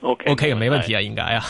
O K，O K，沒問題啊，應該啊，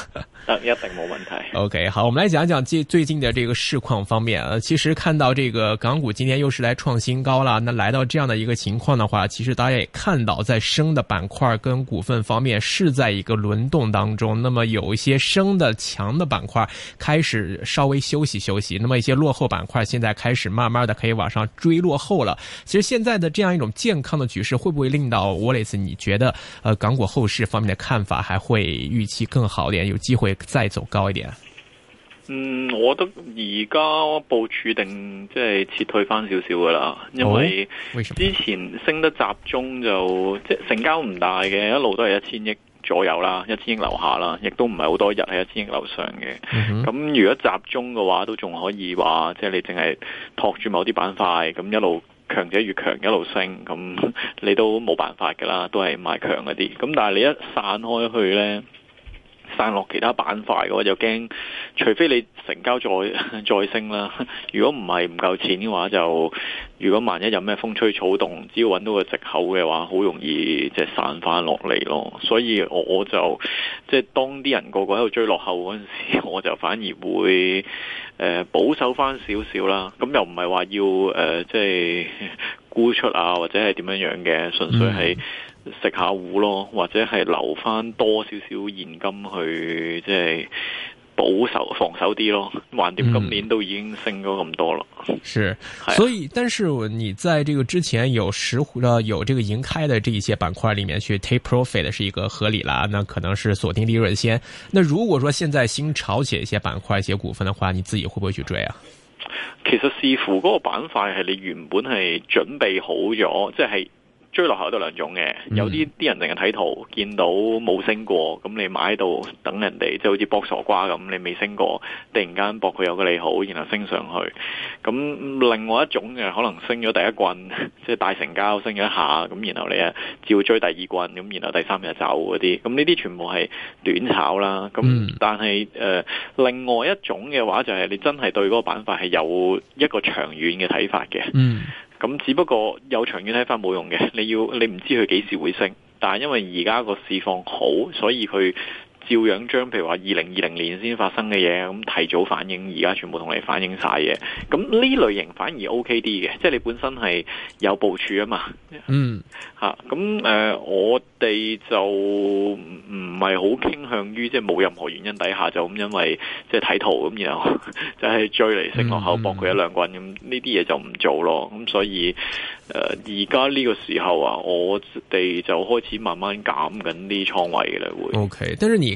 一定沒問題。OK，好，我們來講講這最近的這個市況方面呃，其實看到這個港股今天又是來創新高了，那來到這樣的一個情況的話，其實大家也看到在升的板塊跟股份方面是在一個輪動當中，那麼有一些升的強的板塊開始稍微休息休息，那麼一些落後板塊現在開始慢慢的可以往上追落後了。其實現在的這樣一種健康的局勢，會不會令到 Wallace 你覺得，呃，港股後市方面的看法還會？會預期更好點，有機會再走高一點。嗯，我覺得而家部署定即係撤退翻少少噶啦，因為之前升得集中就即係、哦、成交唔大嘅，一路都係一千億左右啦，一千億樓下啦，亦都唔係好多日係一千億樓上嘅。咁、嗯、哼如果集中嘅話，都仲可以話即係你淨係托住某啲板塊，咁一路。強者越強，一路升，咁你都冇辦法㗎啦，都係賣強嗰啲。咁但係你一散開去咧。散落其他板塊嘅話就驚，除非你成交再 再升啦。如果唔係唔夠錢嘅話就，就如果萬一有咩風吹草動，只要揾到個藉口嘅話，好容易即係散翻落嚟咯。所以我就即係當啲人個個喺度追落後嗰陣時，我就反而會誒、呃、保守翻少少啦。咁又唔係話要誒、呃、即係沽出啊，或者係點樣樣嘅，純粹係。食下糊咯，或者係留翻多少少現金去，即係保守防守啲咯。橫掂今年都已經升咗咁多啦。嗯、是，是啊、所以，但是你在這個之前有石湖有這個盈開的這一些板塊裏面去 take profit 的，是一個合理啦。那可能是鎖定利潤先。那如果說現在新炒起一些板塊、一些股份的話，你自己會不會去追啊？其實視乎嗰個板塊係你原本係準備好咗，即係。追落去都有兩種嘅，有啲啲人淨係睇圖，見到冇升過，咁你買喺度等人哋，即係好似博傻瓜咁，你未升過，突然間博佢有個利好，然後升上去。咁另外一種嘅可能升咗第一棍，即係大成交升咗一下，咁然後你啊，照追第二棍，咁然後第三日走嗰啲。咁呢啲全部係短炒啦。咁但係誒、嗯呃，另外一種嘅話就係你真係對嗰個板塊係有一個長遠嘅睇法嘅。嗯咁只不過有長遠睇法，冇用嘅，你要你唔知佢幾時會升，但係因為而家個市況好，所以佢。照樣將，譬如話二零二零年先發生嘅嘢，咁提早反映而家全部同你反映晒嘅，咁呢類型反而 OK 啲嘅，即係你本身係有部署啊嘛。嗯，嚇、啊，咁誒、呃，我哋就唔係好傾向於即係冇任何原因底下就咁，因為即係睇圖咁，然後 就係追嚟升落口博佢一兩棍咁，呢啲嘢就唔做咯。咁、啊、所以誒，而家呢個時候啊，我哋就開始慢慢減緊啲倉位啦，會。O、okay. K，但係你。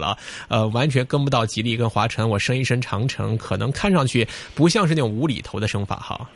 啦、呃，完全跟不到吉利跟華晨，我升一升長城，可能看上去不像是那種無厘頭的升法哈。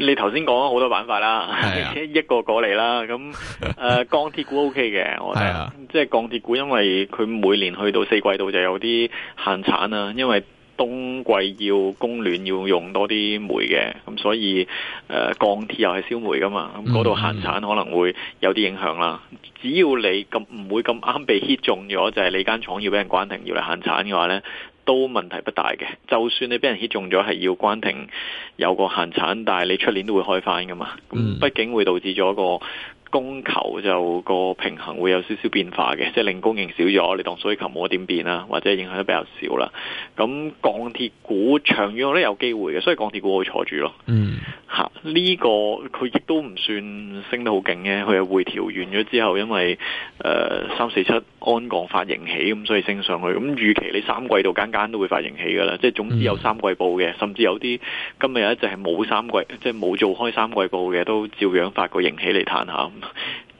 你頭先講咗好多玩法啦， 一個過嚟啦，咁、呃、誒鋼鐵股 OK 嘅，我睇， 即係鋼鐵股因為佢每年去到四季度就有啲限產啊，因為。冬季要供暖要用多啲煤嘅，咁、嗯、所以誒，鋼鐵又係燒煤噶嘛，咁嗰度限產可能會有啲影響啦。只要你咁唔會咁啱被 hit 中咗，就係、是、你間廠要俾人關停要嚟限產嘅話咧，都問題不大嘅。就算你俾人 hit 中咗，係要關停有個限產，但係你出年都會開翻噶嘛。咁、嗯、畢竟會導致咗一個。供求就個平衡會有少少變化嘅，即係令供應少咗，你當需求冇點變啦，或者影響得比較少啦。咁鋼鐵股長遠我覺得有機會嘅，所以鋼鐵股我會坐住咯。嗯，嚇呢、啊呢個佢亦都唔算升得好勁嘅，佢係回調完咗之後，因為誒、呃、三四七安鋼發盈喜咁，所以升上去。咁預期你三季度間間都會發盈喜㗎啦，即係總之有三季報嘅，甚至有啲今日有一隻係冇三季，即係冇做開三季報嘅，都照樣發個盈喜起嚟探下。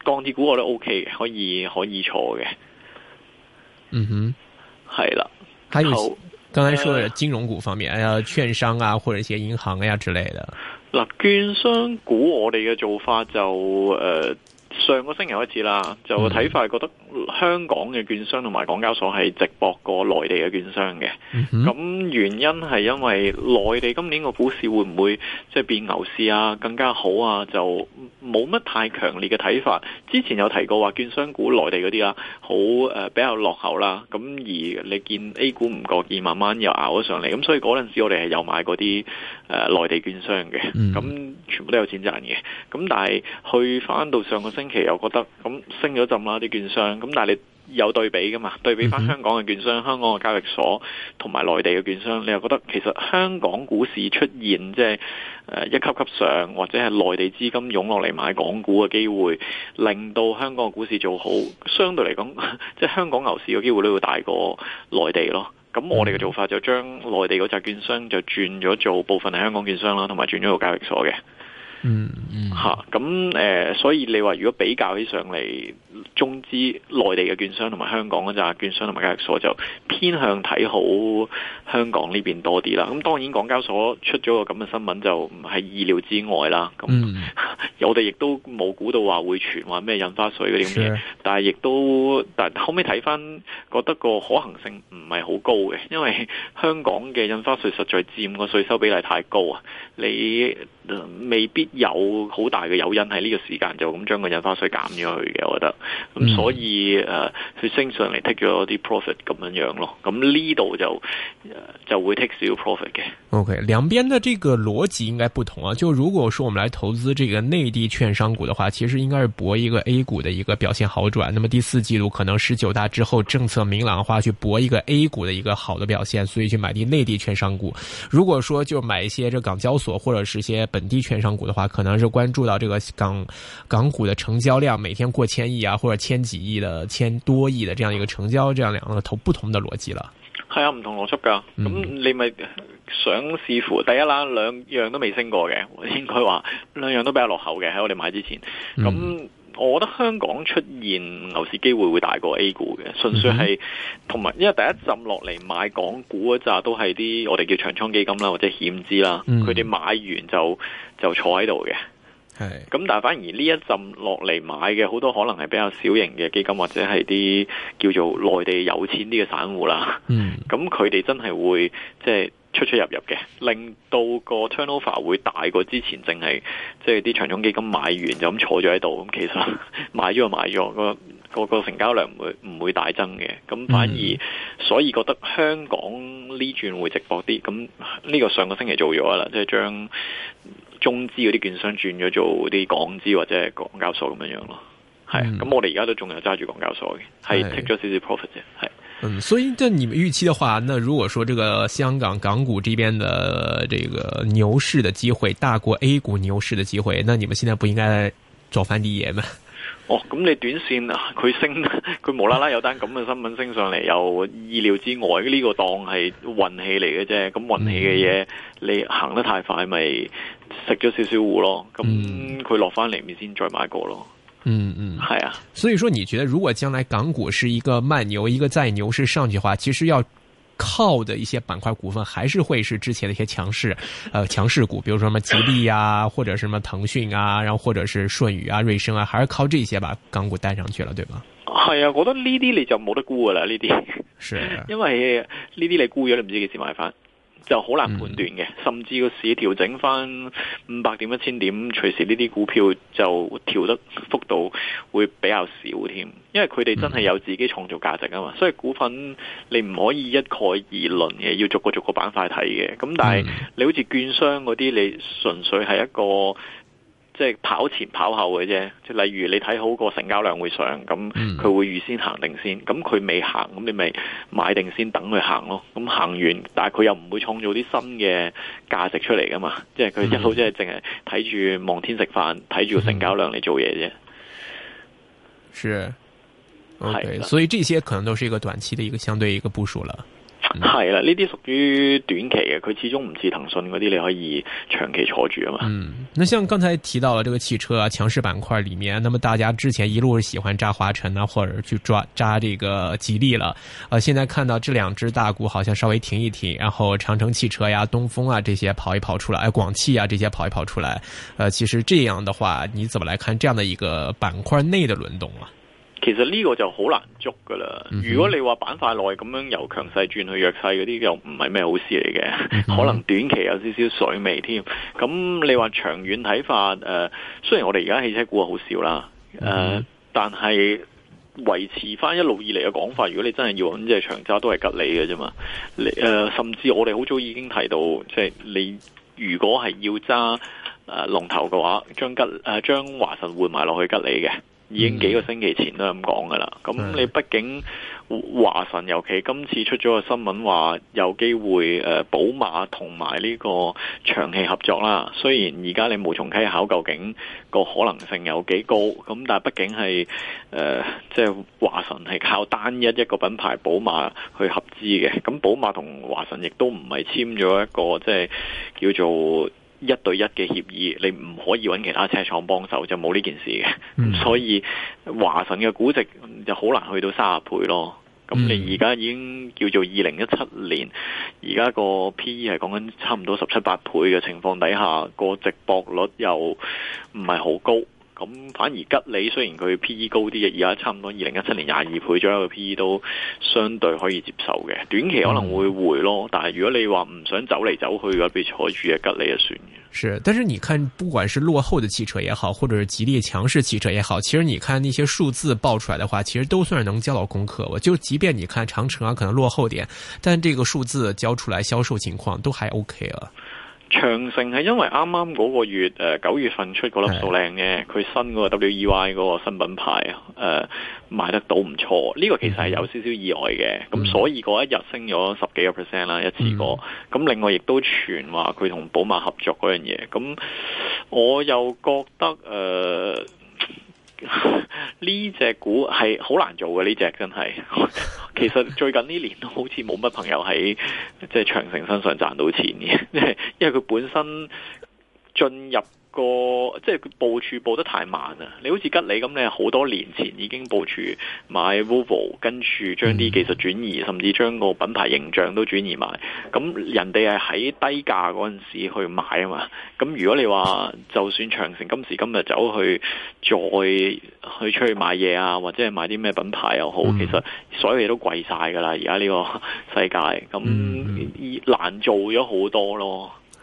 鋼鐵股我都 OK 嘅，可以可以坐嘅。嗯哼，係啦。好，剛才說嘅金融股方面，啊，券商啊，或者一些銀行呀之類的。嗱，券商股我哋嘅做法就誒。上個星期開始啦，就睇法係覺得香港嘅券商同埋港交所係直播過內地嘅券商嘅。咁、mm hmm. 原因係因為內地今年個股市會唔會即係變牛市啊？更加好啊？就冇乜太強烈嘅睇法。之前有提過話券商股內地嗰啲啊，好誒、呃、比較落後啦。咁而你見 A 股唔覺見慢慢又熬咗上嚟，咁所以嗰陣時我哋係有買嗰啲誒內地券商嘅，咁全部都有錢賺嘅。咁但係去返到上個星期。又覺得咁升咗陣啦啲券商，咁但係你有對比噶嘛？對比翻香港嘅券商、香港嘅交易所同埋內地嘅券商，你又覺得其實香港股市出現即係、誒、一級級上，或者係內地資金湧落嚟買港股嘅機會，令到香港嘅股市做好，相對嚟講，即 係香港牛市嘅機會都會大過內地咯。咁我哋嘅做法就將內地嗰隻券商就轉咗做部分係香港券商啦，同埋轉咗個交易所嘅。嗯，吓咁誒，所以你話如果比較起上嚟，中資內地嘅券商同埋香港嘅咋券商同埋交易所就偏向睇好香港呢邊多啲啦。咁、嗯嗯、當然港交所出咗個咁嘅新聞就唔係意料之外啦。咁、嗯、 我哋亦都冇估到話會傳話咩印花稅嗰啲咁嘅嘢，但係亦都但後尾睇翻覺得個可行性唔係好高嘅，因為香港嘅印花稅實在佔個稅收比例太高啊，你、呃、未必。有好大嘅誘因喺呢個時間就咁將個印花稅減咗去嘅，我覺得咁所以誒佢升上嚟 take 咗啲 profit 咁樣樣咯，咁呢度就誒就會 take 少 profit 嘅。OK，兩邊嘅這個邏輯應該不同啊。就如果說我們來投資這個內地券商股的話，其實應該是搏一個 A 股的一個表現好轉。那麼第四季度可能十九大之後政策明朗化，去搏一個 A 股的一個好的表現，所以去買啲內地券商股。如果說就買一些這港交所或者是一些本地券商股嘅。話可能是關注到這個港港股的成交量每天過千億啊，或者千幾億的，千多億的這樣一個成交，這樣兩個投不同的邏輯啦。係啊，唔同邏輯噶。咁你咪想視乎第一啦，兩樣都未升過嘅，應該話兩樣都比較落後嘅喺我哋買之前。咁。我覺得香港出現牛市機會會大過 A 股嘅，純粹係同埋，因為第一浸落嚟買港股嗰扎都係啲我哋叫長倉基金啦，或者險資啦，佢哋買完就就坐喺度嘅。係咁、mm，hmm. 但係反而呢一浸落嚟買嘅好多可能係比較小型嘅基金，或者係啲叫做內地有錢啲嘅散戶啦。嗯、mm，咁佢哋真係會即係。就是出出入入嘅，令到個 turnover 會大過之前，淨係即係啲長中基金買完就咁坐咗喺度，咁其實買咗就買咗，嗰個，嗰個成交量唔會唔會大增嘅，咁反而、嗯、所以覺得香港呢轉會值博啲，咁呢個上個星期做咗啦，即係將中資嗰啲券商轉咗做啲港資或者係港交所咁樣樣咯，係，咁、嗯、我哋而家都仲有揸住港交所嘅，係 take 咗少少 profit 啫，係。嗯，所以，但你們預期的話，那如果說這個香港港股這邊的這個牛市的機會，大過 A 股牛市的機會，那你們現在不應該做翻啲嘢咩？哦，咁你短線佢升，佢無啦啦有單咁嘅新聞升上嚟，有 意料之外，呢、這個當係運氣嚟嘅啫。咁運氣嘅嘢，嗯、你行得太快咪食咗少少糊咯。咁、嗯、佢、嗯、落翻嚟，咪先再買過咯。嗯嗯，係、嗯、啊。所以說，你覺得如果將來港股是一個慢牛，一個在牛市上去的話，其實要靠的一些板塊股份還是會是之前的一些強勢，呃，強勢股，比如說什麼吉利啊，或者什麼騰訊啊，然後或者是順宇啊、瑞聲啊，還是靠這些把港股帶上去了，對嗎？係啊，我覺得呢啲你就冇得沽噶啦，呢啲是，因為呢啲你沽咗，你唔知幾時買翻。就好難判斷嘅，甚至個市調整返五百點一千點，隨時呢啲股票就調得幅度會比較少添，因為佢哋真係有自己創造價值㗎嘛，所以股份你唔可以一概而論嘅，要逐個逐個板塊睇嘅。咁但係你好似券商嗰啲，你純粹係一個。即係跑前跑後嘅啫，即係例如你睇好個成交量會上，咁佢會預先行定先，咁佢未行，咁你咪買定先等佢行咯。咁行完，但係佢又唔會創造啲新嘅價值出嚟㗎嘛，即係佢一路即係淨係睇住望天食飯，睇住個成交量嚟做嘢啫。是，係、okay, 嘅，所以呢些可能都是一個短期的一個相對一個部署啦。係啦，呢啲屬於短期嘅，佢始終唔似騰訊嗰啲你可以長期坐住啊嘛。 嗯，那像剛才提到了這個汽車啊，強勢板塊裡面，那麼大家之前一路喜歡揸華晨啊，或者去抓揸這個吉利啦，啊、呃，現在看到這兩隻大股好像稍微停一停，然後長城汽車呀、啊、東風啊這些跑一跑出來，誒、哎，廣汽啊這些跑一跑出來，呃，其實這樣的話，你怎麼來看這樣的一個板塊內的輪動啊？其實呢個就好難捉噶啦。嗯、哼如果你話板塊內咁樣由強勢轉去弱勢，嗰啲又唔係咩好事嚟嘅，嗯、哼 可能短期有少少水味添。咁你話長遠睇法，誒、呃，雖然我哋而家汽車股好少啦，誒、呃，但係維持翻一路以嚟嘅講法，如果你真係要揾，即係長揸，都係吉利嘅啫嘛。你、呃、誒，甚至我哋好早已經提到，即、就、係、是、你如果係要揸誒龍頭嘅話，將吉誒將華晨換埋落去吉利嘅。已經幾個星期前都咁講噶啦，咁你畢竟華晨尤其今次出咗個新聞話有機會誒寶馬同埋呢個長期合作啦。雖然而家你無從稽考究竟個可能性有幾高，咁但係畢竟係誒即係華晨係靠單一一個品牌寶馬去合資嘅，咁寶馬同華晨亦都唔係簽咗一個即係、就是、叫做。一對一嘅協議，你唔可以揾其他車廠幫手，就冇呢件事嘅。嗯、所以華晨嘅估值就好難去到三十倍咯。咁你而家已經叫做二零一七年，而家個 PE 係講緊差唔多十七八倍嘅情況底下，個值博率又唔係好高。咁反而吉利雖然佢 P E 高啲嘅，而家差唔多二零一七年廿二倍左右嘅 P E 都相對可以接受嘅，短期可能會回咯。但係如果你話唔想走嚟走去嘅，不如坐住阿吉利就算嘅。是，但是你看，不管是落後的汽車也好，或者是吉利強勢汽車也好，其實你看那些數字報出來嘅話，其實都算是能交到功課。我就即便你看長城啊，可能落後點，但這個數字交出來銷售情況都還 OK 啊。長城係因為啱啱嗰個月誒九、呃、月份出嗰粒數靚嘅，佢的新嗰個 WEY 嗰個新品牌啊，誒、呃、賣得到唔錯，呢、這個其實係有少少意外嘅，咁、嗯、所以嗰一日升咗十幾個 percent 啦一次過，咁、嗯、另外亦都傳話佢同寶馬合作嗰樣嘢，咁我又覺得誒。呃呢隻 股係好難做嘅，呢隻真係。 其實最近呢年都好似冇乜朋友喺即係長城身上賺到錢嘅， 因為佢本身進入。那個即係佢部署部得太慢啦！你好似吉利咁，你好多年前已經部署買 Volvo，跟住將啲技術轉移，甚至將個品牌形象都轉移埋。咁人哋係喺低價嗰陣時去買啊嘛。咁如果你話就算長城今時今日走去再去出去買嘢啊，或者係買啲咩品牌又好，mm hmm. 其實所有嘢都貴晒噶啦！而家呢個世界咁難做咗好多咯。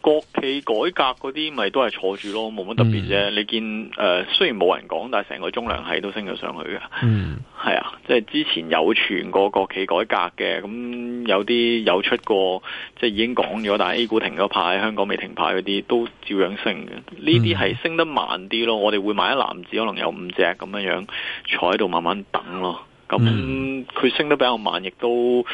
國企改革嗰啲咪都係坐住咯，冇乜特別啫。嗯、你見誒、呃，雖然冇人講，但係成個中糧系都升咗上去嘅。嗯，係啊，即係之前有傳過國企改革嘅，咁有啲有出過，即係已經講咗，但係 A 股停咗牌，香港未停牌嗰啲都照樣升嘅。呢啲係升得慢啲咯，我哋會買一籃子，可能有五隻咁樣樣坐喺度慢慢等咯。咁佢、嗯、升得比較慢，亦都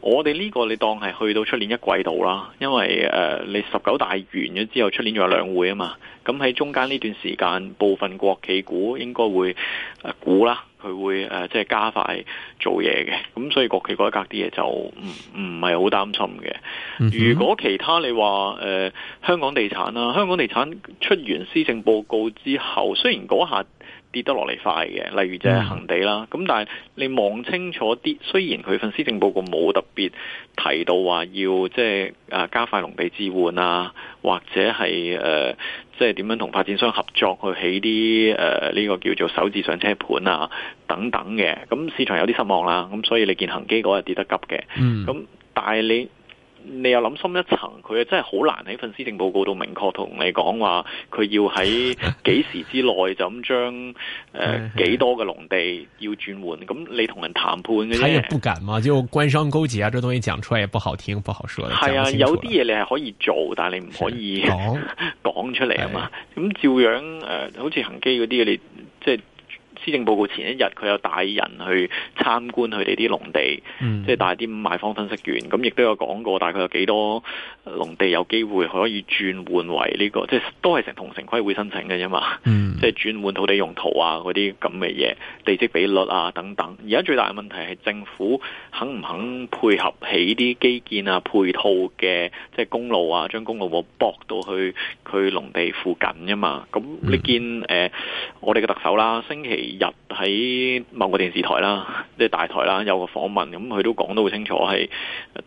我哋呢個你當係去到出年一季度啦，因為誒、呃、你十九大完咗之後出年仲有兩會啊嘛，咁喺中間呢段時間部分國企股應該會誒、呃、估啦，佢會誒、呃、即係加快做嘢嘅，咁、嗯、所以國企嗰一格啲嘢就唔唔係好擔心嘅。嗯、哼如果其他你話誒、呃、香港地產啦，香港地產出完施政報告之後，雖然嗰下。跌得落嚟快嘅，例如就係恒地啦。咁但係你望清楚啲，雖然佢份施政報告冇特別提到話要即係啊加快農地置換啊，或者係誒即係點樣同發展商合作去起啲誒呢個叫做首置上車盤啊等等嘅。咁市場有啲失望啦。咁所以你見恒基嗰日跌得急嘅。咁、嗯、但係你。你又諗深一層，佢啊真係好難喺份施政報告度明確同你講話，佢要喺幾時之內就咁將誒幾多嘅農地要轉換。咁、嗯、你同人談判嘅啫。不敢嘛，就官商勾結啊，這東西講出嚟，也不好聽，不好說。係啊，有啲嘢你係可以做，但係你唔可以、啊哦、 講出嚟啊嘛。咁、啊、照樣誒，好、呃、似恒基嗰啲你即係。施政報告前一日，佢有帶人去參觀佢哋啲農地，嗯、即係帶啲賣方分析員。咁亦都有講過，大概有幾多農地有機會可以轉換為呢、呢個，即係都係成同城規會申請嘅啫嘛。嗯、即係轉換土地用途啊，嗰啲咁嘅嘢，地積比率啊等等。而家最大嘅問題係政府肯唔肯配合起啲基建啊、配套嘅即係公路啊，將公路冇駁到去佢農地附近啫嘛。咁你見誒、嗯呃、我哋嘅特首啦，星期。入喺某個電視台啦，即係大台啦，有個訪問，咁、嗯、佢都講得好清楚，係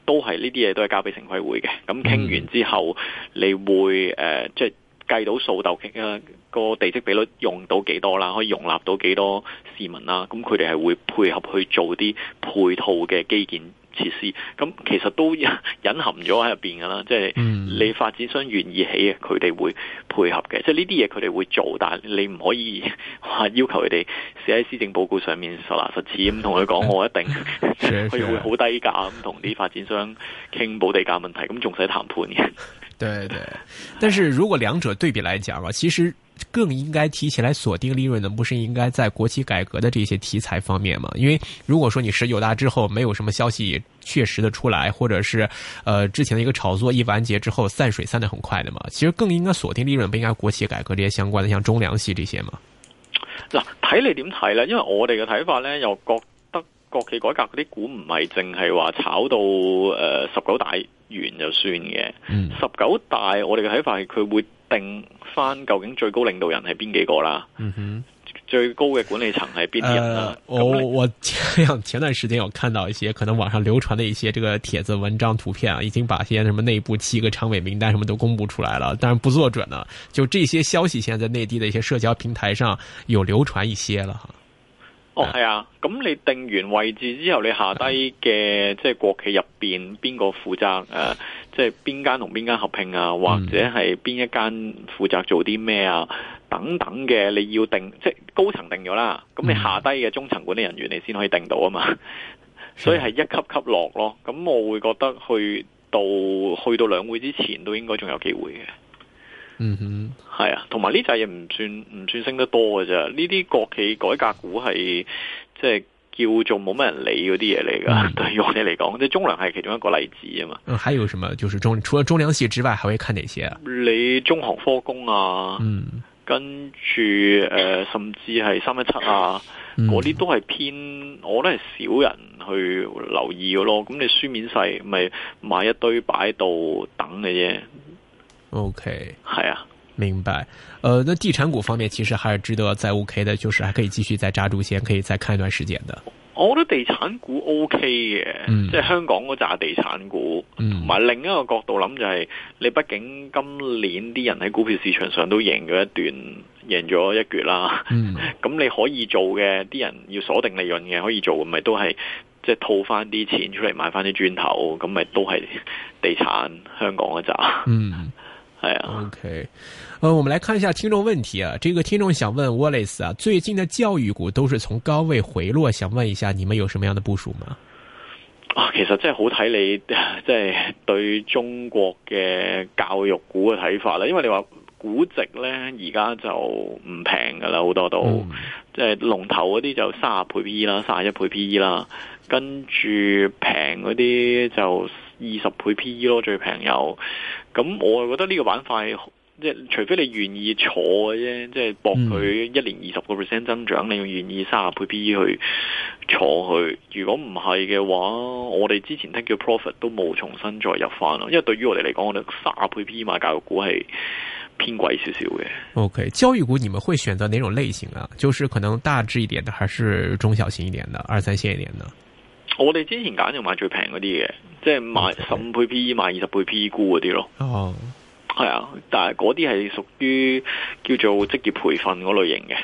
都係呢啲嘢都係交俾城規會嘅。咁、嗯、傾完之後，你會誒、呃，即係計到數度傾，個地積比率用到幾多啦，可以容納到幾多市民啦。咁佢哋係會配合去做啲配套嘅基建。設施咁其實都隱含咗喺入邊噶啦，即係你發展商願意起，佢哋會配合嘅，即係呢啲嘢佢哋會做，但係你唔可以話要求佢哋寫喺施政報告上面實牙實齒咁同佢講，我一定佢、嗯、會好低價咁同啲發展商傾保地價問題，咁仲使談判嘅。對對，但是如果兩者對比嚟講啊，其實。更應該提起來鎖定利潤的，不是應該在國企改革的這些題材方面嗎？因為如果說你十九大之後沒有什麼消息也確實的出來，或者是呃之前的一個炒作一完結之後散水散的很快的嘛，其實更應該鎖定利潤，不應該國企改革這些相關的，像中糧系這些嘛。嗱，睇你點睇呢？因為我哋嘅睇法呢，又覺得國企改革嗰啲股唔係淨係話炒到呃十九大完就算嘅。嗯。十九大我哋嘅睇法係佢會。定翻究竟最高領導人係邊幾個啦？嗯哼，最高嘅管理層係邊啲人啦，啊呃？我我前前段時間有看到一些可能網上流傳的一些這個帖子、文章、圖片啊，已經把些什麼內部七個常委名單什麼都公布出來了，但是不做準啦。就這些消息，現在在內地的一些社交平台上有流傳一些了哈。哦，係啊，咁你定完位置之後，你下低嘅即係國企入邊邊個負責誒，即係邊間同邊間合併啊，或者係邊一間負責做啲咩啊，等等嘅你要定，即係高層定咗啦，咁你下低嘅中層管理人員你先可以定到啊嘛，所以係一級級落咯，咁我會覺得去到去到兩會之前都應該仲有機會嘅。嗯哼，係啊，同埋呢隻嘢唔算唔算升得多嘅啫。呢啲國企改革股係即係叫做冇乜人理嗰啲嘢嚟噶。嗯、對於我哋嚟講，即係中糧係其中一個例子啊嘛。嗯，還有什麼？就是中除咗中糧系之外，還會看哪些？你中航科工啊，嗯，跟住誒、呃，甚至係三一七啊，嗰啲、嗯、都係偏，我都係少人去留意嘅咯。咁你書面細咪、就是、買一堆擺喺度等嘅啫。O K，係啊，明白。誒、呃，那地產股方面其實還是值得再 O、OK、K 的，就是還可以繼續再揸住先，可以再看一段時間的。我覺得地產股 O K 嘅，即係、嗯、香港嗰扎地產股，同埋、嗯、另一個角度諗就係、是，你畢竟今年啲人喺股票市場上都贏咗一段，贏咗一橛啦。咁、嗯、 你可以做嘅，啲人要鎖定利潤嘅可以做，咪都係即係套翻啲錢出嚟買翻啲磚頭，咁咪都係地產香港嗰扎。嗯 O.K.，呃，我們來看一下聽眾問題啊。這個聽眾想問 Wallace 啊，最近的教育股都是從高位回落，想問一下你們有什麼樣的部署嗎？啊，其實真係好睇你，即係對中國嘅教育股嘅睇法啦。因為你話估值呢，而家就唔平㗎喇，好多都即係、嗯、龍頭嗰啲就三十倍 P.E. 啦，三十一倍 P.E. 啦，跟住平嗰啲就。二十倍 P E 咯，最平又，咁我啊覺得呢個板塊即係，除非你願意坐嘅啫，即係博佢一年二十個 percent 增長，嗯、你願意三十倍 P E 去坐去。如果唔係嘅話，我哋之前 take your profit 都冇重新再入翻咯。因為對於我哋嚟講，我哋三十倍 P E 買教育股係偏貴少少嘅。O K，教育股你們會選擇哪種類型啊？就是可能大致一點的，還是中小型一點的，二三線一點的？我哋之前揀就買最平嗰啲嘅，即係買十五倍 PE 買二十倍 PE 估嗰啲咯。哦，係啊，但係嗰啲係屬於叫做職業培訓嗰類型嘅，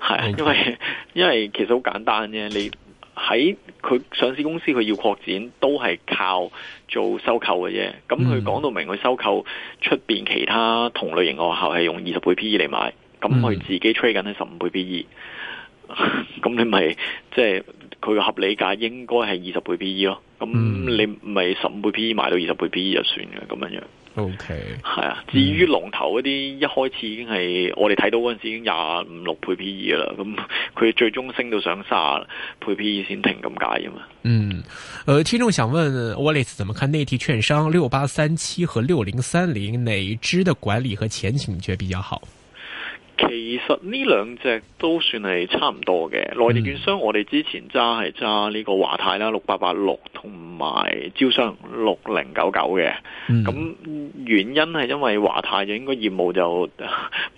係，因為因為其實好簡單啫。你喺佢上市公司，佢要擴展都係靠做收購嘅啫。咁佢講到明，佢收購出邊其他同類型嘅學校係用二十倍 PE 嚟買，咁佢自己 trade 緊喺十五倍 PE。咁 你咪即係佢合理價應該係二十倍 P E 咯，咁、嗯嗯、你咪十五倍 P E 買到二十倍 P E 就算嘅咁樣樣。O K，係啊。至於龍頭嗰啲，一開始已經係、嗯、我哋睇到嗰陣時已經廿五六倍 P E 啦，咁、嗯、佢最終升到上卅倍 P E 先停咁解啊嘛。嗯，誒、呃，聽眾想問 Wallace 怎麼看內地券商六八三七和六零三零，哪一支的管理和前景覺得比較好？其實呢兩隻都算係差唔多嘅，嗯、內地券商我哋之前揸係揸呢個華泰啦，六八八六同埋招商六零九九嘅。咁、嗯、原因係因為華泰就應該業務就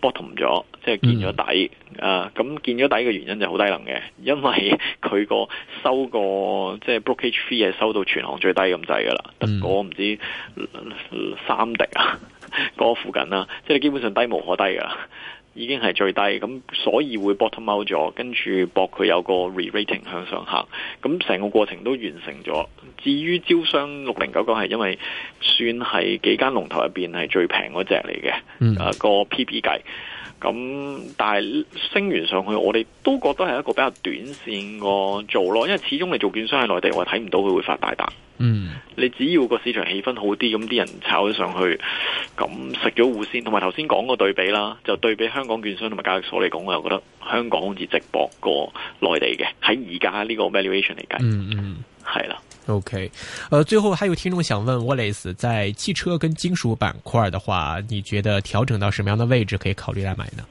bottom 咗，即、就、係、是、見咗底。嗯、啊，咁見咗底嘅原因就好低能嘅，因為佢個收個即係、就是、blockage fee 係收到全行最低咁滯噶啦。我唔、嗯、知三迪啊，嗰、那個、附近啦、啊，即、就、係、是、基本上低無可低噶。已經係最低咁，所以會 bottom out 咗，跟住博佢有個 re-rating 向上行，咁成個過程都完成咗。至於招商六零九九係因為算係幾間龍頭入邊係最平嗰隻嚟嘅，嗯、啊個 PP 計。咁但係升完上去，我哋都覺得係一個比較短線個做咯，因為始終你做券商喺內地，我睇唔到佢會發大彈。嗯，你只要個市場氣氛好啲，咁啲人炒咗上去，咁食咗糊先。同埋頭先講個對比啦，就對比香港券商同埋交易所嚟講，我又覺得香港好似值搏過內地嘅，喺而家呢個 valuation 嚟計。嗯。嗯嗯嗯。係啦，OK，誒、呃，最後還有聽眾想問 Wallace，哇在汽車跟金屬板塊的話，你覺得調整到什麼樣的位置可以考慮來買呢？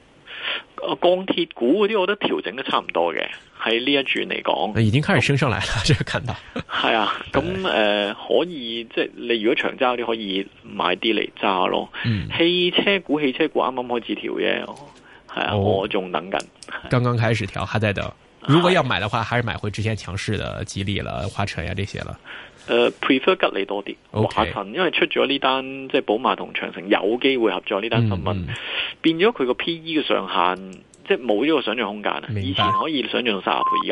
誒、啊，鋼鐵股嗰啲，我覺得調整得差唔多嘅，喺呢一轉嚟講，已經開始升上嚟了，這個、嗯、看到。係啊，咁誒 對，可以即係你如果長揸，你可以買啲嚟揸咯。汽車股、汽車股啱啱開始調嘅，係啊，我仲等緊，剛剛開始調，還在等。如果要買的話，還是買回之前強勢的吉利啦、華晨啊這些啦。呃、uh，prefer 吉利多啲。華晨 Okay. 因為出咗呢單，即係寶馬同長城有機會合作呢單產品，嗯、變咗佢個 PE 嘅上限，即係冇呢個想象空間啊。白以前可以想象到三十倍，而